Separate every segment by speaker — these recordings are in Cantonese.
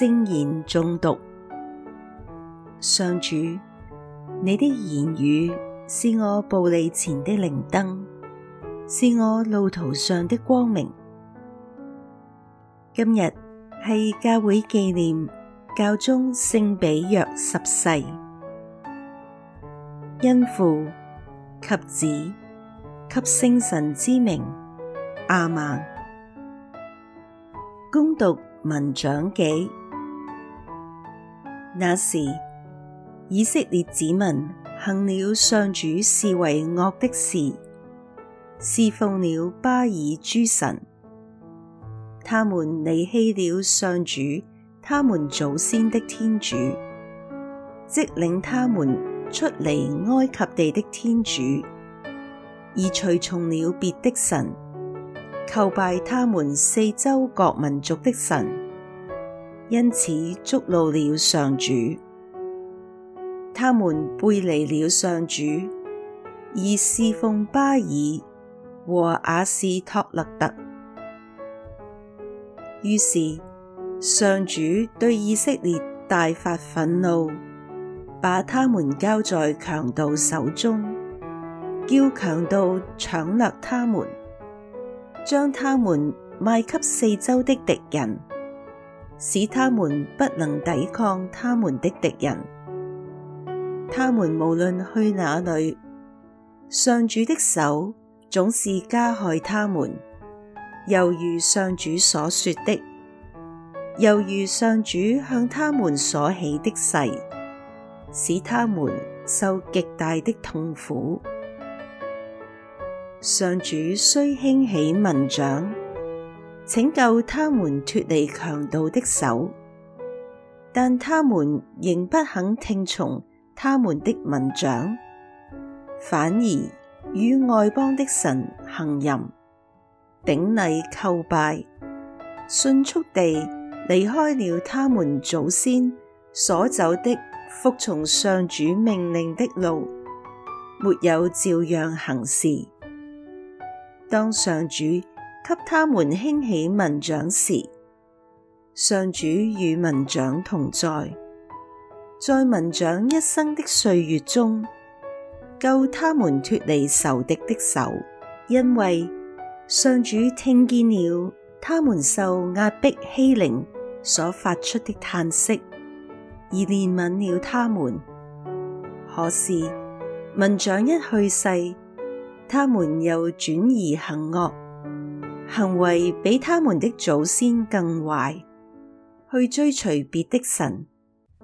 Speaker 1: 聖言誦讀，上主，你的言語是我步履前的靈燈，是我路途上的光明。今日係教會紀念教宗聖比約十世，因父及子及聖神之名，阿曼。恭讀民長紀。那時，以色列子民行了上主視為惡的事，事奉了巴耳諸神。他們離棄了上主，他們祖先的天主，即領他們出離埃及地的天主，而隨從了別的神，叩拜他們四周各民族的神。因此觸怒了上主，他們背離了上主，而事奉巴爾和阿市托勒特。於是上主對以色列大發忿怒，把他們交在強盜手中，叫強盜搶掠他們，將他們賣給四周的敵人。使他們不能抵抗他們的敵人，他們無論去哪裏，上主的手總是加害他們。猶如上主所說的，猶如上主向他們所起的誓，使他們受極大的痛苦。上主雖興起民長。拯救他們脱離強盜的手，但他們仍不肯聽從他們的民長，反而與外邦的神行淫，頂禮叩拜，迅速地離開了他們祖先所走的服從上主命令的路，沒有照樣行事，當上主。給他們興起民長時，上主與民長同在，在民長一生的歲月中，救他們脫離仇敵的手，因為上主聽見了他們受壓迫欺凌所發出的嘆息，而憐憫了他們。可是民長一去世，他們又轉而行惡。行為比他們的祖先更壞，去追隨別的神，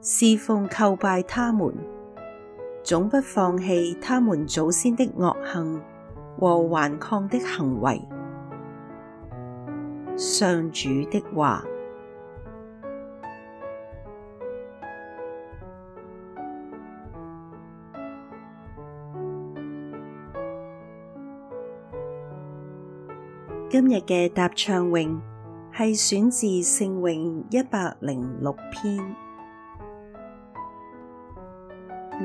Speaker 1: 侍奉叩拜他們，總不放棄他們祖先的惡行和頑抗的行為。上主的話。今日嘅答唱詠係選自聖詠一百零六篇。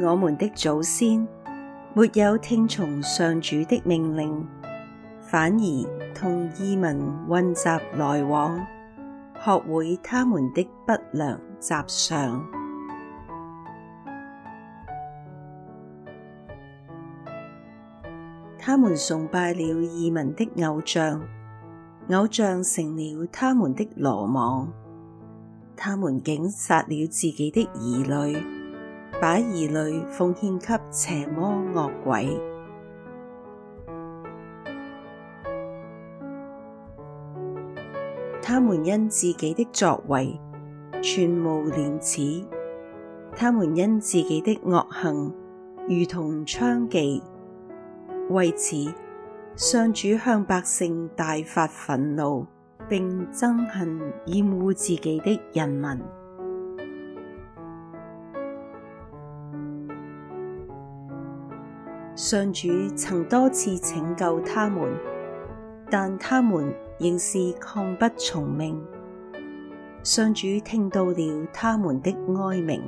Speaker 1: 我們的祖先沒有聽從上主的命令，反而同異民混雜來往，學會他們的不良習尚。他們崇拜了異民的偶像，偶像成了他們的羅網。他們竟殺了自己的兒女，把兒女奉獻給邪魔惡鬼。他們因自己的作為，全無廉恥，他們因自己的惡行，如同娼妓。為此，上主向百姓大發憤怒，並憎恨厭惡自己的人民。上主曾多次拯救他們，但他們仍是抗不從命。上主聽到了他們的哀鳴，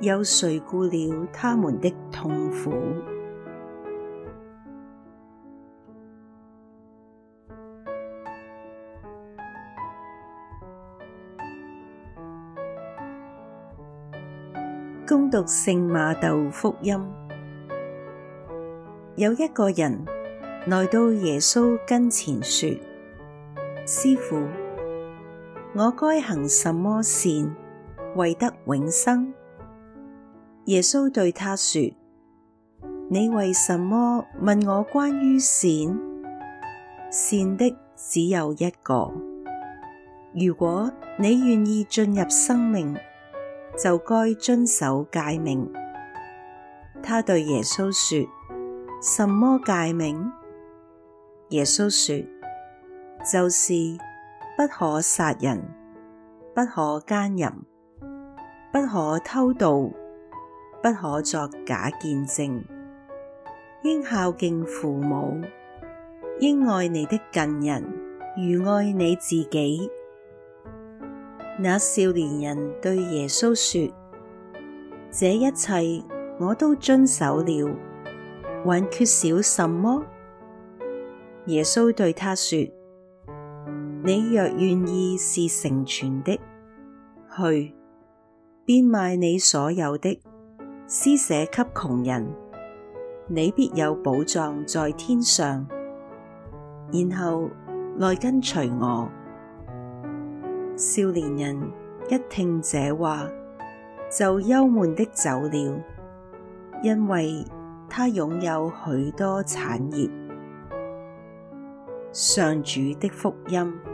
Speaker 1: 又垂顧了他們的痛苦。恭讀聖瑪竇福音，有一個人來到耶穌跟前說：師傅，我該行什麼善，為得永生？耶穌對他說：你為什麼問我關於善？善的只有一個，如果你願意進入生命。就該遵守誡命。他對耶穌說：「什麼誡命？耶穌說：「就是不可殺人，不可奸淫，不可偷盜，不可作假見證，應孝敬父母，應愛你的近人，如愛你自己。那少年人對耶穌說：這一切我都遵守了，還缺少什麼？耶穌對他說：你若願意是成全的，去，變賣你所有的，施捨給窮人，你必有寶藏在天上。然後來跟隨我。少年人一聽這話，就憂悶的走了，因為他擁有許多產業。上主的福音。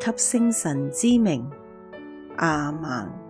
Speaker 1: 及聖神之名，亞孟。